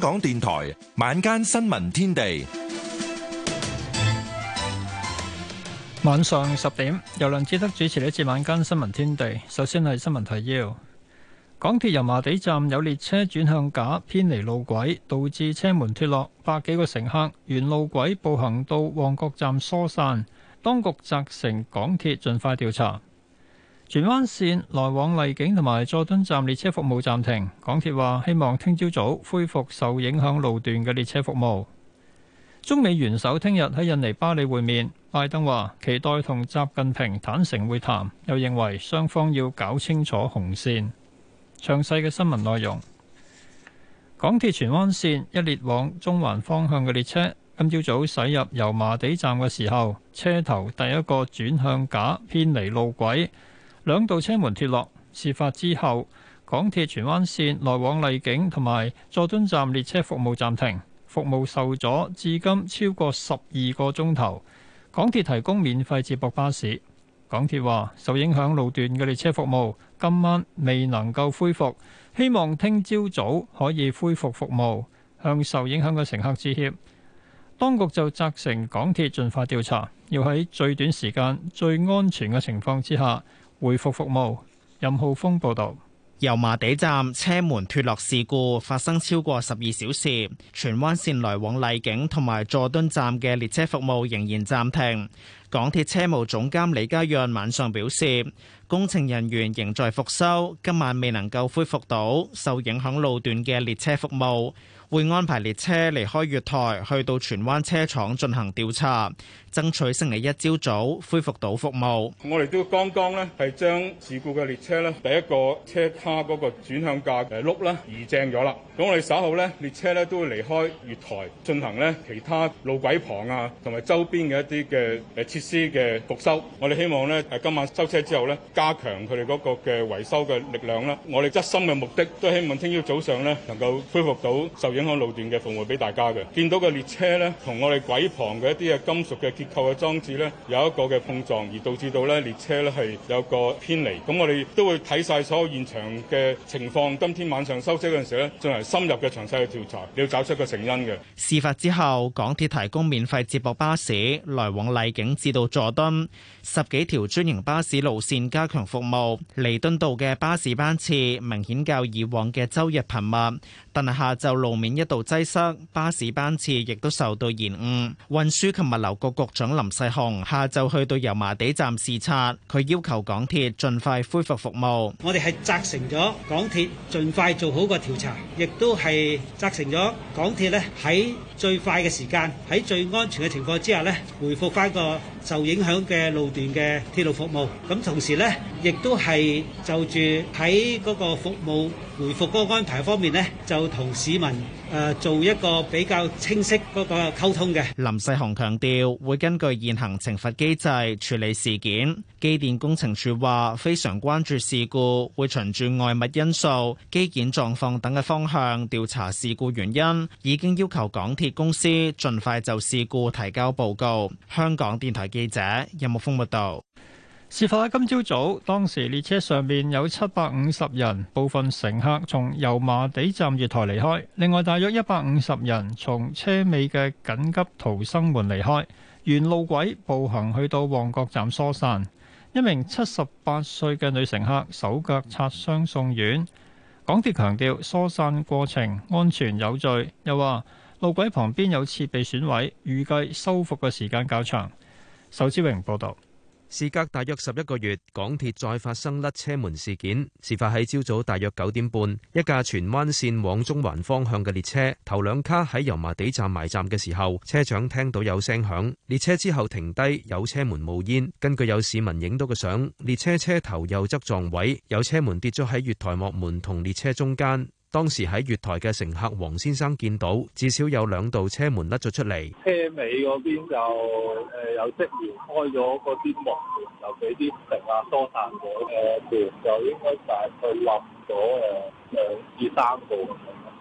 港電台晚間新聞天地，晚上十點由梁志德主持呢一節晚間新聞天地。首先係新聞提要：港鐵油麻地站有列車轉向架偏離路軌，導致車門脫落，百幾個乘客沿路軌步行到旺角站疏散。當局責成港鐵盡快調查。荃灣綫來往荔景同埋佐敦站列車服務暫停，港鐵話希望聽朝早恢復受影響路段嘅列車服務。中美元首聽日喺印尼巴厘會面，拜登話期待同習近平坦誠會談，又認為雙方要搞清楚紅綫。詳細嘅新聞內容，港鐵荃灣綫一列往中環方向嘅列車，今朝早駛入油麻地站嘅時候，車頭第一個轉向架偏離路軌。兩道車門脫落。事發之後，港鐵荃灣線來往荔景同埋佐敦站列車服務暫停，服務受阻至今超過十二個鐘頭。港鐵提供免費接駁巴士。港鐵話，受影響路段嘅列車服務今晚未能夠恢復，希望聽朝早可以恢復服務，向受影響嘅乘客致歉。當局就責成港鐵盡快調查，要喺最短時間、最安全嘅情況之下，回復服務，任浩峰報道，油麻地站車門脱落事故發生超過十二小時，荃灣線來往荔景同埋佐敦站嘅列車服務仍然暫停。港鐵車務總監李家潤晚上表示，工程人員仍在復修，今晚未能夠恢復到受影響路段嘅列車服務。會安排列車離開月台，去到荃灣車廠進行調查，爭取星期一朝早恢復到服務。我哋都剛剛呢係將事故嘅列車呢第一個車卡嗰個轉向架嘅轆咧移正咗啦。咁我哋稍後呢列車呢都會離開月台，進行呢其他路軌旁啊，同埋周邊嘅一啲嘅誒設施嘅復修。我哋希望呢誒今晚收車之後呢加強佢哋嗰個嘅維修嘅力量啦。我哋核心嘅目的都希望聽朝早上呢能夠恢復到受影響路段嘅服務俾大家嘅，見到嘅列車呢，同我哋軌旁嘅一啲嘅金屬嘅結構嘅裝置呢，有一個嘅碰撞，而導致到呢列車呢係有一個偏離。咁我哋都會睇晒所有現場嘅情況。今天晚上收車嗰陣時呢，進行深入嘅詳細嘅調查，要找出個成因嘅。事發之後，港鐵提供免費接駁巴士來往麗景至到佐敦，十幾條專營巴士路線加強服務。彌敦道嘅巴士班次明顯較以往嘅周日頻密。但係下晝路面一度擠塞，巴士班次亦都受到延誤。運輸及物流局局長林世雄下晝去到油麻地站視察，佢要求港鐵盡快恢復服務。我哋係責成咗港鐵盡快做好個調查，亦都係責成咗港鐵呢喺最快嘅時間，喺最安全嘅情況之下呢回復翻個受影響嘅路段嘅鐵路服務。咁同時呢，亦都係就住喺嗰個服務。回復嗰個安排方面呢，就同市民誒做一個比較清晰嗰個溝通嘅。林世雄強調，會根據現行懲罰機制處理事件。機電工程署話，非常關注事故，會循住外物因素、機件狀況等嘅方向調查事故原因，已經要求港鐵公司盡快就事故提交報告。香港電台記者任慕峯報道。事發喺今朝早，早，當時列車，上面有七百五十人，部分乘客從油麻地站月台離開，另外大約一百五十人從車尾嘅緊急逃生門離開，沿路軌步行去到旺角站疏散。一名七十八歲嘅女乘客手腳擦傷送院。港鐵強調疏散過程安全有序，又話路軌旁邊有設備損毀，預計修復嘅時間較長。仇志榮報道。事隔大約十一個月，港鐵再發生甩車門事件。事發喺朝早大約九點半，一架荃灣線往中環方向嘅列車，頭兩卡喺油麻地站埋站嘅時候，車長聽到有聲響，列車之後停低，有車門冒煙。根據有市民影到嘅相，列車車頭右側撞位，有車門跌咗喺月台幕門同列車中間。當時喺月台嘅乘客黃先生見到至少有兩道車門甩咗出嚟，車尾嗰邊就誒有職員開咗嗰啲幕門，有俾啲乘客疏散咗。誒，門就應該大概佢冧咗誒兩至三個。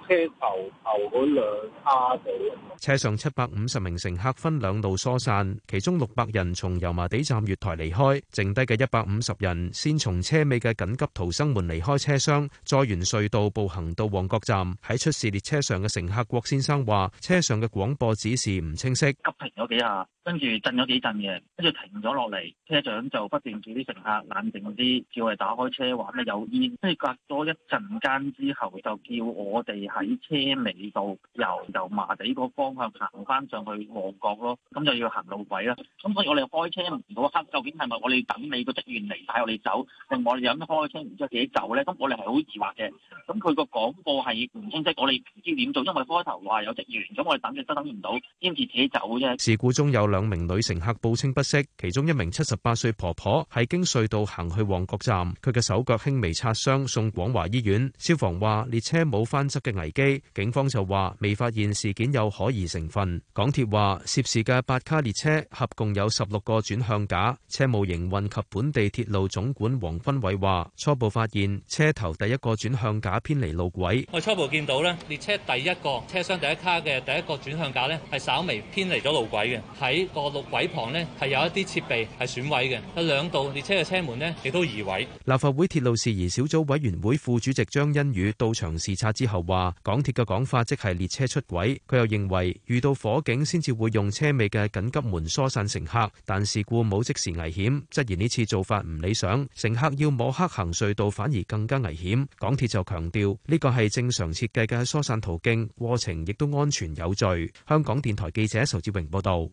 車頭頭嗰兩卡度，車上七百五十名乘客分兩路疏散，其中六百人從油麻地站月台離開，剩低嘅一百五十人先從車尾嘅緊急逃生門離開車廂，再沿隧道步行到旺角站。喺出事列車上嘅乘客郭先生話：車上嘅廣播指示唔清晰，急停咗幾下，跟住震咗幾陣嘅，跟住停咗落嚟，車長就不斷叫啲乘客冷靜啲，叫佢打開車話咩有煙，跟住隔多一陣間之後就叫我哋。喺車尾度，由油麻地嗰方向行翻上去旺角咯，咁就要行路軌啦。咁所以我哋開車唔到黑，究竟係咪我哋等你個職員嚟帶我哋走，定我哋有咩開車然之後自己走咧？咁我哋係好疑惑嘅。咁佢個廣告係唔清晰，我哋唔知點做，因為開頭話有職員，咁我哋等亦都等唔到，先至自己走啫。事故中有兩名女乘客報稱不適，其中一名七十八歲婆婆係經隧道行去旺角站，佢嘅手腳輕微擦傷，送廣華醫院。消防話列車冇翻側嘅危。警方就話未發現事件有可疑成分。港鐵話涉事嘅八卡列車合共有十六個轉向架。車務營運及本地鐵路總管黃君偉話：初步發現車頭第一個轉向架偏離路軌。我初步見到呢，列車第一個車廂第一卡嘅第一個轉向架咧，係稍微偏離咗路軌嘅。喺個路軌旁咧，係有一啲設備係損毀嘅。有兩道列車嘅車門咧，亦都移位。立法會鐵路事宜小組委員會副主席張欣宇到場視察之後話。港鐵嘅講法即係列車出軌，佢又認為遇到火警先至會用車尾嘅緊急門疏散乘客，但事故冇即時危險，質疑呢次做法唔理想，乘客要摸黑行隧道反而更加危險。港鐵就強調呢個係正常設計嘅疏散途徑，過程亦都安全有序。香港電台記者仇志榮報道。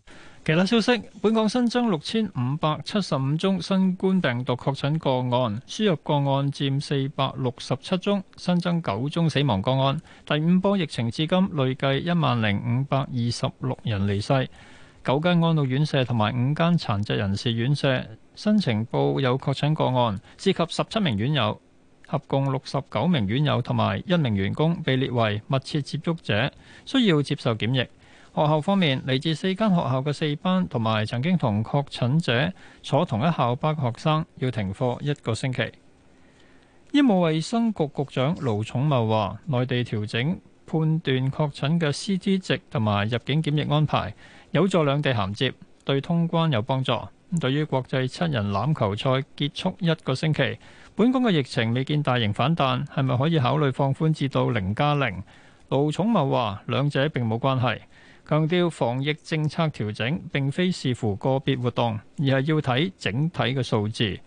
其他消息，本港新增六千五百七十五宗新冠病毒確診個案，輸入個案佔四百六十七宗，新增九宗死亡個案。第五波疫情至今累計一萬零五百二十六人離世。九間安老院舍同埋五間殘疾人士院舍新呈報有確診個案，涉及十七名院友，合共六十九名院友同埋一名員工被列為密切接觸者，需要接受檢疫。學校方面，嚟自四間學校嘅四班，同埋曾經同確診者坐同一校巴嘅學生，要停課一個星期。醫務衛生局局長盧寵茂話，內地調整判斷確診嘅 CT 值同埋入境檢疫安排，有助兩地銜接，對通關有幫助。對對於國際七人欖球賽結束一個星期，本港嘅疫情未見大型反彈，係咪可以考慮放寬至到零加零？0？盧寵茂話，兩者並冇關係。強調防疫政策調整並非視乎個別活動，而係要睇整體嘅數字。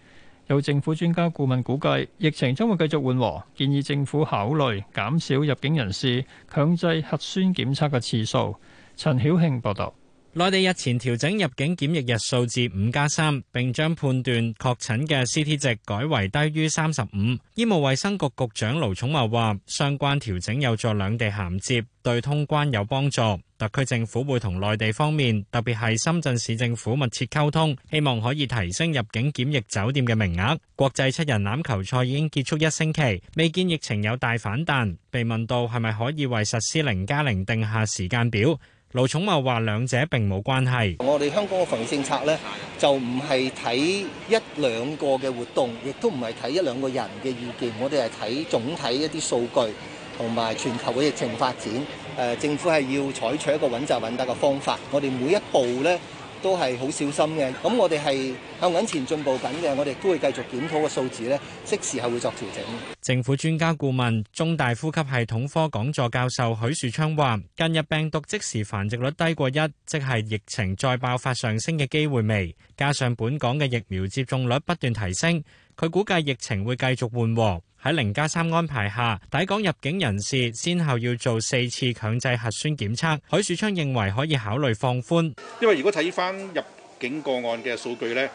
有政府專家顧問估計，疫情將會繼續緩和，建議政府考慮減少入境人士強制核酸檢測嘅次數。陳曉慶報道。內地日前調整入境檢疫日數至五加三，3, 並將判斷確診嘅 CT 值改為低於三十五。醫務衛生局局長盧寵茂話：相關調整有助兩地銜接，對通關有幫助。特區政府會同內地方面，特別係深圳市政府密切溝通，希望可以提升入境檢疫酒店嘅名額。國際七人欖球賽已經結束一星期，未見疫情有大反彈。被問到係咪可以為實施零加零定下時間表？盧寵茂話兩者並冇關係。我哋香港嘅防疫政策呢，就唔係睇一兩個嘅活動，亦都唔係睇一兩個人嘅意見。我哋係睇總體一啲數據，同埋全球嘅疫情發展。呃，政府係要採取一個穩紮穩打嘅方法。我哋每一步呢。都係好小心嘅，咁我哋係向緊前進步緊嘅，我哋都會繼續檢討個數字咧，即時係會作調整。政府專家顧問、中大呼吸系統科講座教授許樹昌話，近日病毒即時繁殖率低過一，即係疫情再爆發上升嘅機會微，加上本港嘅疫苗接種率不斷提升。佢估計疫情會繼續緩和，喺零加三安排下，抵港入境人士先後要做四次強制核酸檢測。許樹昌認為可以考慮放寬，因為如果睇翻入境個案嘅數據呢，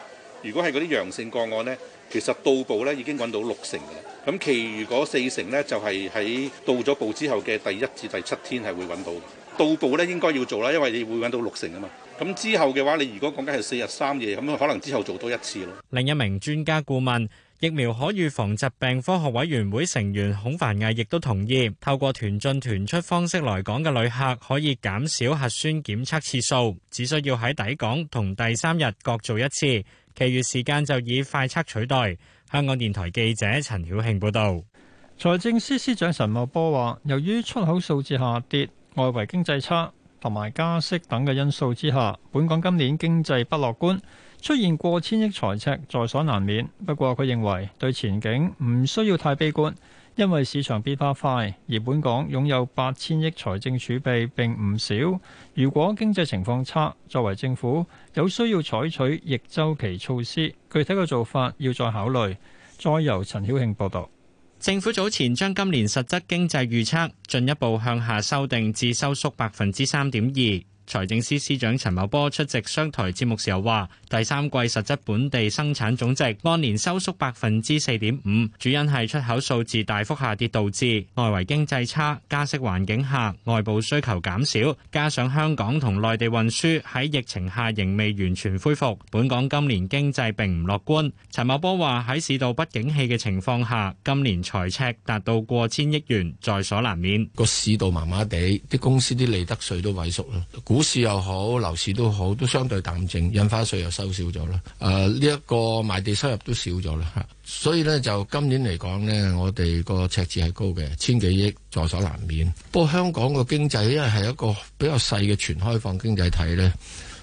如果係嗰啲陽性個案呢，其實到步呢已經揾到六成㗎喇，咁其餘嗰四成呢，就係喺到咗步之後嘅第一至第七天係會揾到。到步咧，應該要做啦，因為你會揾到六成啊嘛。咁之後嘅話，你如果講緊係四日三夜，咁可能之後做多一次咯。另一名專家顧問、疫苗可預防疾病科學委員會成員孔凡毅亦都同意，透過團進團出方式來港嘅旅客可以減少核酸檢測次數，只需要喺抵港同第三日各做一次，其餘時間就以快測取代。香港電台記者陳曉慶報道。財政司司長陳茂波話，由於出口數字下跌，外圍經濟差同埋加息等嘅因素之下，本港今年經濟不樂觀，出現過千億財赤在所難免。不過佢認為對前景唔需要太悲觀，因為市場變化快，而本港擁有八千億財政儲備並唔少。如果經濟情況差，作為政府有需要採取逆週期措施，具體嘅做法要再考慮。再由陳曉慶報道。政府早前將今年實質經濟預測進一步向下修訂至收縮百分之三點二。財政司司長陳茂波出席商台節目時候話，第三季實質本地生產總值按年收縮百分之四點五，主因係出口數字大幅下跌導致，外圍經濟差，加息環境下，外部需求減少，加上香港同內地運輸喺疫情下仍未完全恢復，本港今年經濟並唔樂觀。陳茂波話喺市道不景氣嘅情況下，今年財赤達到過千億元，在所難免。個市道麻麻地，啲公司啲利得稅都萎縮股市又好，樓市都好，都相對淡靜，印花稅又收少咗啦。誒、呃，呢、這、一個賣地收入都少咗啦。所以咧，就今年嚟講咧，我哋個赤字係高嘅，千幾億在所難免。不過香港個經濟因為係一個比較細嘅全開放經濟體咧，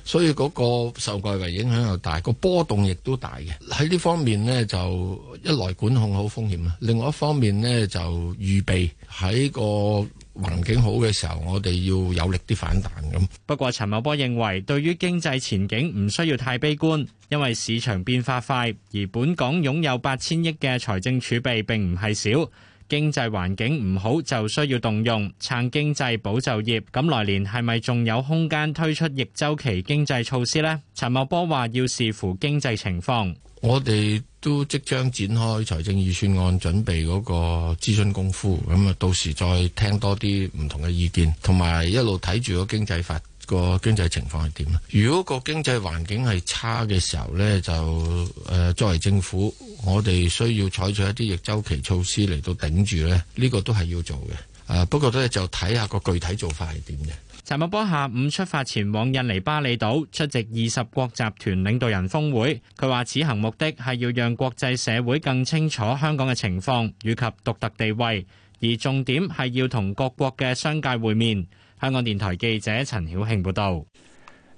所以嗰個受外圍影響又大，個波動亦都大嘅。喺呢方面咧，就一來管控好風險啦，另外一方面咧就預備喺個。環境好嘅時候，我哋要有力啲反彈咁。不過，陳茂波認為對於經濟前景唔需要太悲觀，因為市場變化快，而本港擁有八千億嘅財政儲備並唔係少。經濟環境唔好就需要動用，撐經濟保就業。咁來年係咪仲有空間推出逆週期經濟措施呢？陳茂波話要視乎經濟情況。我哋都即將展開財政預算案準備嗰個諮詢功夫，咁啊到時再聽多啲唔同嘅意見，同埋一路睇住個經濟法個經濟情況係點啊。如果個經濟環境係差嘅時候咧，就誒、呃、作為政府，我哋需要採取一啲逆週期措施嚟到頂住咧。呢個都係要做嘅。誒、啊，不過都係就睇下個具體做法係點嘅。陳茂波下午出發前往印尼巴厘島出席二十國集團領導人峰會。佢話此行目的係要讓國際社會更清楚香港嘅情況，以及獨特地位，而重點係要同各國嘅商界會面。香港電台記者陳曉慶報道。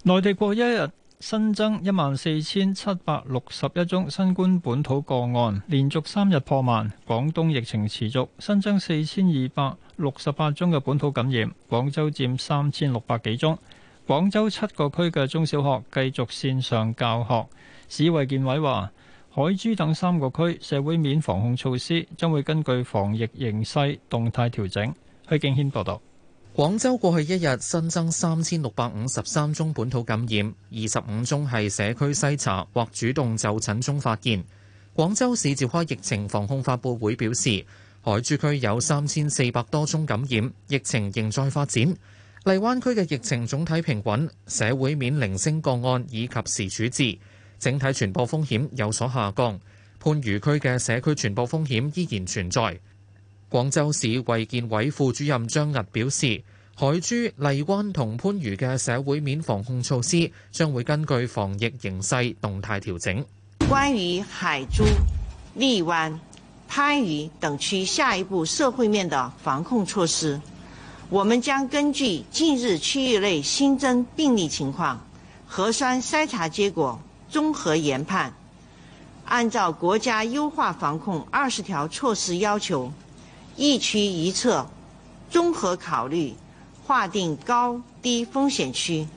內地過一日。新增一萬四千七百六十一宗新冠本土個案，連續三日破萬，廣東疫情持續新增四千二百六十八宗嘅本土感染，廣州占三千六百幾宗。廣州七個區嘅中小學繼續線上教學，市衛健委話海珠等三個區社會面防控措施將會根據防疫形勢動態調整。許敬軒報道。廣州過去一日新增三千六百五十三宗本土感染，二十五宗係社區篩查或主動就診中發現。廣州市召開疫情防控發布會表示，海珠區有三千四百多宗感染，疫情仍在發展。荔灣區嘅疫情總體平穩，社會面零星個案已及時處置，整體傳播風險有所下降。番禺區嘅社區傳播風險依然存在。廣州市衛健委副主任張毅表示，海珠、荔灣同番禺嘅社會面防控措施將會根據防疫形勢動態調整。關於海珠、荔灣、番禺等區下一步社會面的防控措施，我們將根據近日區域內新增病例情況、核酸篩查結果綜合研判，按照國家優化防控二十條措施要求。一區一策，綜合考慮，劃定高低風險區，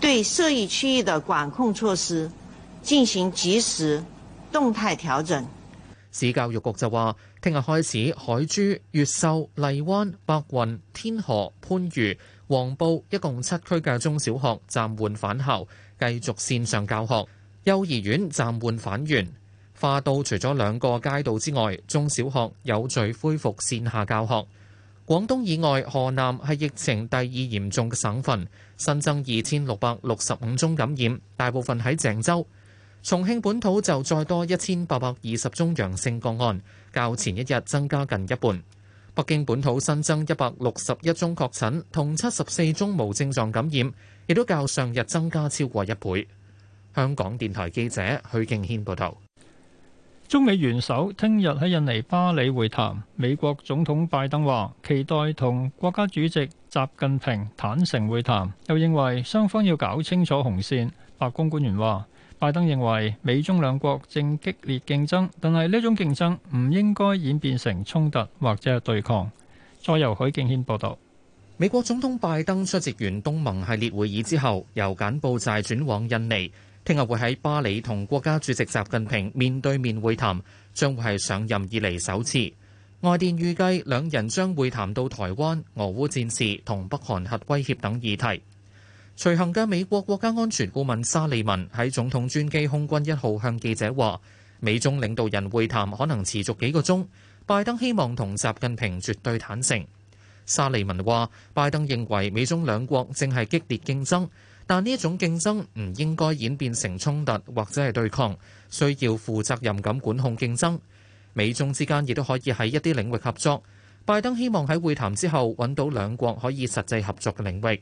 對涉疫區域的管控措施進行及時動態調整。市教育局就話，聽日開始，海珠、越秀、荔灣、白雲、天河、番禺、黃埔一共七區嘅中小學暫緩返校，繼續線上教學，幼兒園暫緩返園。化到除咗兩個街道之外，中小學有序恢復線下教學。廣東以外，河南係疫情第二嚴重嘅省份，新增二千六百六十五宗感染，大部分喺鄭州。重慶本土就再多一千八百二十宗陽性個案，較前一日增加近一半。北京本土新增一百六十一宗確診，同七十四宗無症狀感染，亦都較上日增加超過一倍。香港電台記者許敬軒報道。中美元首聽日喺印尼巴厘會談，美國總統拜登話期待同國家主席習近平坦誠會談，又認為雙方要搞清楚紅線。白宮官員話，拜登認為美中兩國正激烈競爭，但係呢種競爭唔應該演變成衝突或者對抗。再由許敬軒報道，美國總統拜登出席完東盟系列會議之後，由柬埔寨轉往印尼。聽日會喺巴黎同國家主席習近平面對面會談，將會係上任以嚟首次。外電預計兩人將會談到台灣、俄烏戰事同北韓核威脅等議題。隨行嘅美國國家安全顧問沙利文喺總統專機空軍一號向記者話：美中領導人會談可能持續幾個鐘。拜登希望同習近平絕對坦誠。沙利文話：拜登認為美中兩國正係激烈競爭。但呢一種競爭唔應該演變成衝突或者係對抗，需要負責任咁管控競爭，美中之間亦都可以喺一啲領域合作。拜登希望喺會談之後揾到兩國可以實際合作嘅領域。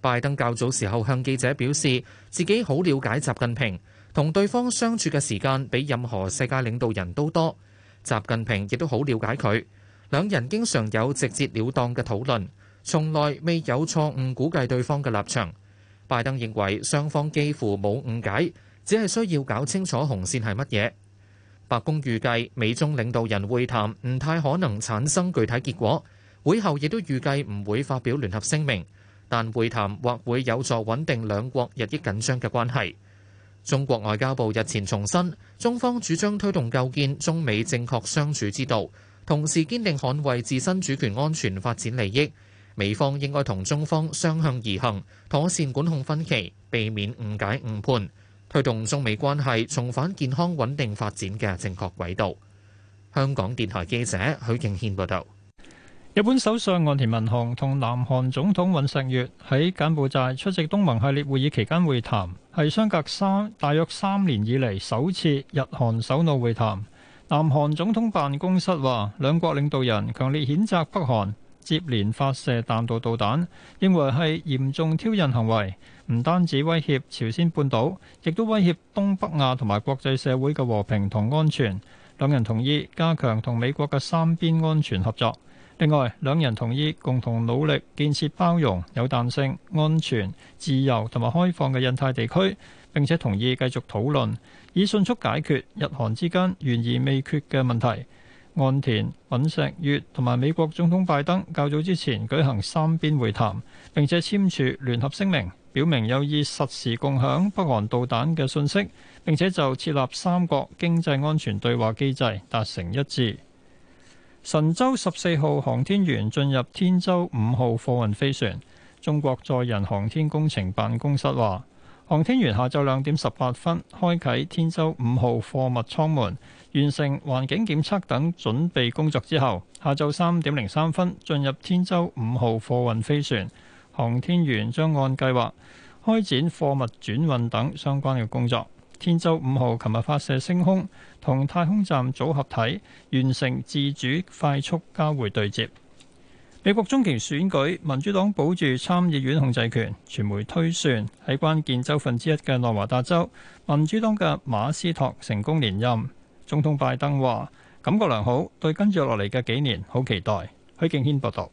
拜登較早時候向記者表示，自己好了解習近平，同對方相處嘅時間比任何世界領導人都多。習近平亦都好了解佢，兩人經常有直截了當嘅討論，從來未有錯誤估計對方嘅立場。拜登認為雙方幾乎冇誤解，只係需要搞清楚紅線係乜嘢。白宮預計美中領導人會談唔太可能產生具體結果，會後亦都預計唔會發表聯合聲明，但會談或會有助穩定兩國日益緊張嘅關係。中國外交部日前重申，中方主張推動構建中美正確相處之道，同時堅定捍衛自身主權安全發展利益。美方應該同中方相向而行，妥善管控分歧，避免誤解誤判，推動中美關係重返健康穩定發展嘅正確軌道。香港電台記者許敬軒報導。日本首相岸田文雄同南韓總統尹錫悅喺柬埔寨出席東盟系列會議期間會談，係相隔三大約三年以嚟首次日韓首腦會談。南韓總統辦公室話，兩國領導人強烈譴責北韓接連發射彈道導彈，認為係嚴重挑釁行為，唔單止威脅朝鮮半島，亦都威脅東北亞同埋國際社會嘅和平同安全。兩人同意加強同美國嘅三邊安全合作。另外，兩人同意共同努力建設包容、有彈性、安全、自由同埋開放嘅印太地區，並且同意繼續討論，以迅速解決日韓之間懸而未決嘅問題。岸田、尹錫悅同埋美國總統拜登較早之前舉行三邊會談，並且簽署聯合聲明，表明有意實時共享北韓導彈嘅信息，並且就設立三國經濟安全對話機制達成一致。神舟十四號航天員進入天舟五號貨運飛船。中國載人航天工程辦公室話。航天員下晝兩點十八分開啟天舟五號貨物艙門，完成環境檢測等準備工作之後，下晝三點零三分進入天舟五號貨運飛船。航天員將按計劃開展貨物轉運等相關嘅工作。天舟五號琴日發射升空，同太空站組合體完成自主快速交會對接。美國中期選舉，民主黨保住參議院控制權。傳媒推算喺關鍵州份之一嘅內華達州，民主黨嘅馬斯托成功連任。總統拜登話感覺良好，對跟住落嚟嘅幾年好期待。許敬軒報道，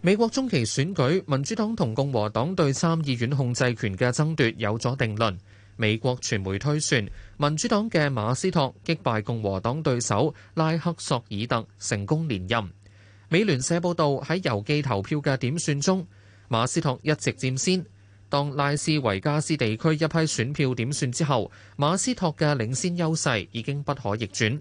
美國中期選舉，民主黨同共和黨對參議院控制權嘅爭奪有咗定論。美國傳媒推算，民主黨嘅馬斯托擊敗共和黨對手拉克索爾特成功連任。美聯社報道喺郵寄投票嘅點算中，馬斯托一直占先。當拉斯維加斯地區一批選票點算之後，馬斯托嘅領先優勢已經不可逆轉。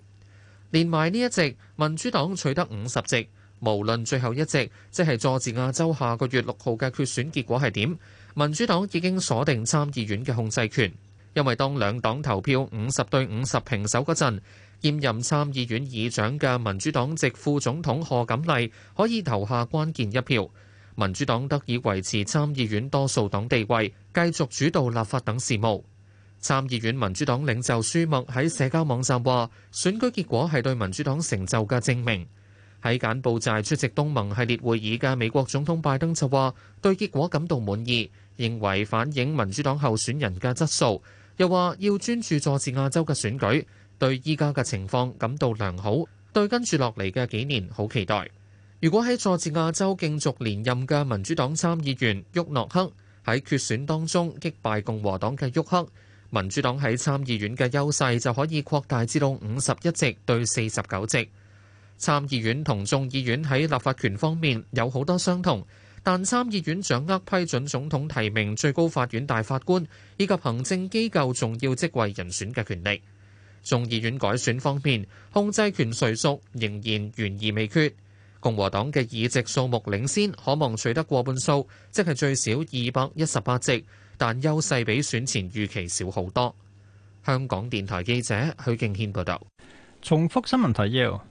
連埋呢一席，民主黨取得五十席。無論最後一席，即係佐治亞州下個月六號嘅決選結果係點，民主黨已經鎖定參議院嘅控制權。因為當兩黨投票五十對五十平手嗰陣。兼任參議院議長嘅民主黨籍副總統賀錦麗可以投下關鍵一票，民主黨得以維持參議院多數黨地位，繼續主導立法等事務。參議院民主黨領袖舒默喺社交網站話：選舉結果係對民主黨成就嘅證明。喺柬埔寨出席東盟系列會議嘅美國總統拜登就話對結果感到滿意，認為反映民主黨候選人嘅質素，又話要專注佐治亞州嘅選舉。對依家嘅情況感到良好，對跟住落嚟嘅幾年好期待。如果喺佐治亞州競逐連任嘅民主黨參議員沃諾克喺決選當中擊敗共和黨嘅沃克，民主黨喺參議院嘅優勢就可以擴大至到五十一席對四十九席。參議院同眾議院喺立法權方面有好多相同，但參議院掌握批准總統提名最高法院大法官以及行政機構重要職位人選嘅權力。眾議院改選方面，控制權誰屬仍然懸而未決。共和黨嘅議席數目領先，可望取得過半數，即係最少二百一十八席，但優勢比選前預期少好多。香港電台記者許敬軒報道：「重複新聞提要：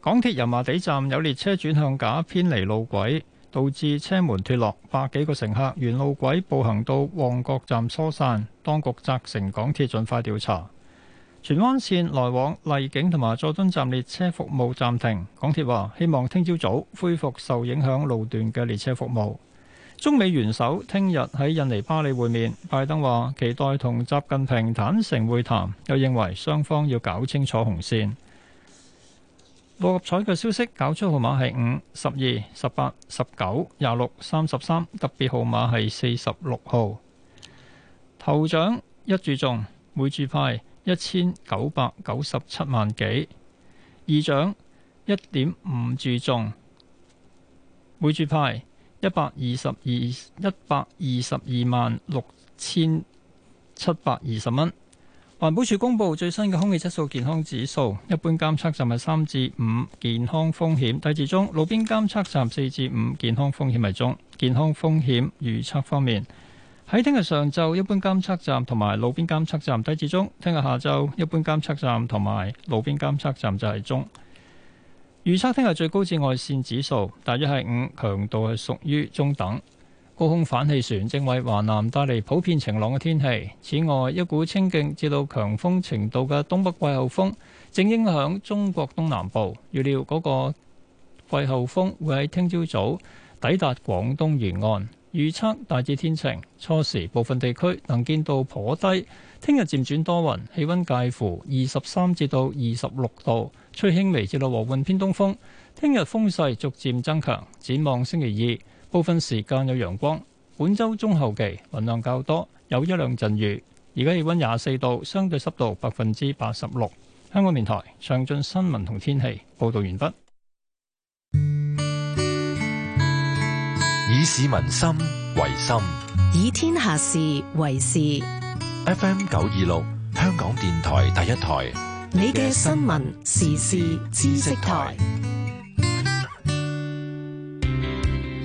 港鐵油麻地站有列車轉向架偏離路軌，導致車門脫落，百幾個乘客沿路軌步行到旺角站疏散，當局責成港鐵盡快調查。荃灣線來往荔景同埋佐敦站列車服務暫停，港鐵話希望聽朝早，早恢復受影響路段嘅列車服務。中美元首聽日喺印尼巴釐會面，拜登話期待同習近平坦誠會談，又認為雙方要搞清楚紅線。六合彩嘅消息，攪出號碼係五、十二、十八、十九、廿六、三十三，特別號碼係四十六號。頭獎一注中，每注派。一千九百九十七萬幾，二獎一點五注中，每注派一百二十二一百二十二萬六千七百二十蚊。環保署公布最新嘅空氣質素健康指數，一般監測站係三至五，健康風險低至中，路邊監測站四至五，健康風險係中。健康風險預測方面。喺聽日上晝，一般監測站同埋路邊監測站低至中；聽日下晝，一般監測站同埋路邊監測站就係中。預測聽日最高紫外線指數大約係五，強度係屬於中等。高空反氣旋，正為華南帶嚟普遍晴朗嘅天氣。此外，一股清勁至到強風程度嘅東北季候風正影響中國東南部。預料嗰個季候風會喺聽朝早抵達廣東沿岸。預測大致天晴，初時部分地區能見度頗低。聽日漸轉多雲，氣溫介乎二十三至到二十六度，吹輕微至到和緩偏東風。聽日風勢逐漸增強。展望星期二，部分時間有陽光。本周中後期雲量較多，有一兩陣雨。而家氣溫廿四度，相對濕度百分之八十六。香港電台詳盡新聞同天氣報道完畢。市民心為心，以天下事為事。FM 九二六，香港電台第一台，你嘅新聞時事知識台。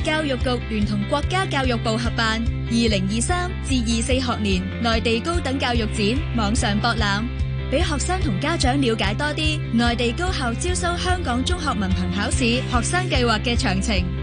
教育局聯同國家教育部合辦二零二三至二四學年內地高等教育展網上博覽，俾學生同家長了解多啲內地高校招收香港中學文憑考試學生計劃嘅詳情。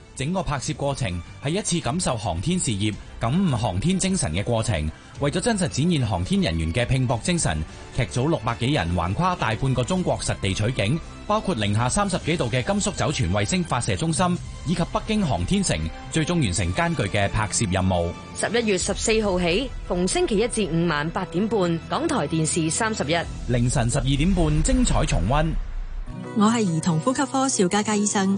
整個拍攝過程係一次感受航天事業、感悟航天精神嘅過程。為咗真實展現航天人員嘅拼搏精神，劇組六百幾人橫跨大半個中國實地取景，包括零下三十幾度嘅甘肅酒泉衛星發射中心以及北京航天城，最終完成艱巨嘅拍攝任務。十一月十四號起，逢星期一至五晚八點半，港台電視三十一凌晨十二點半，精彩重溫。我係兒童呼吸科邵佳佳醫生。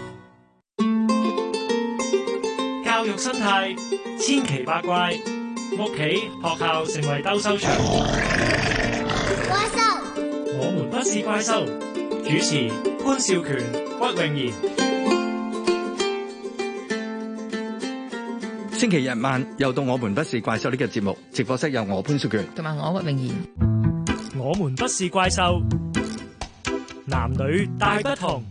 生態千奇百怪，屋企學校成為鬥獸場。怪獸宿，我們不是怪獸。主持潘少權、屈穎妍。星期日晚又到我們不是怪獸呢、這個節目，直播室有我潘少權同埋我屈穎妍。我們不是怪獸，男女大不同。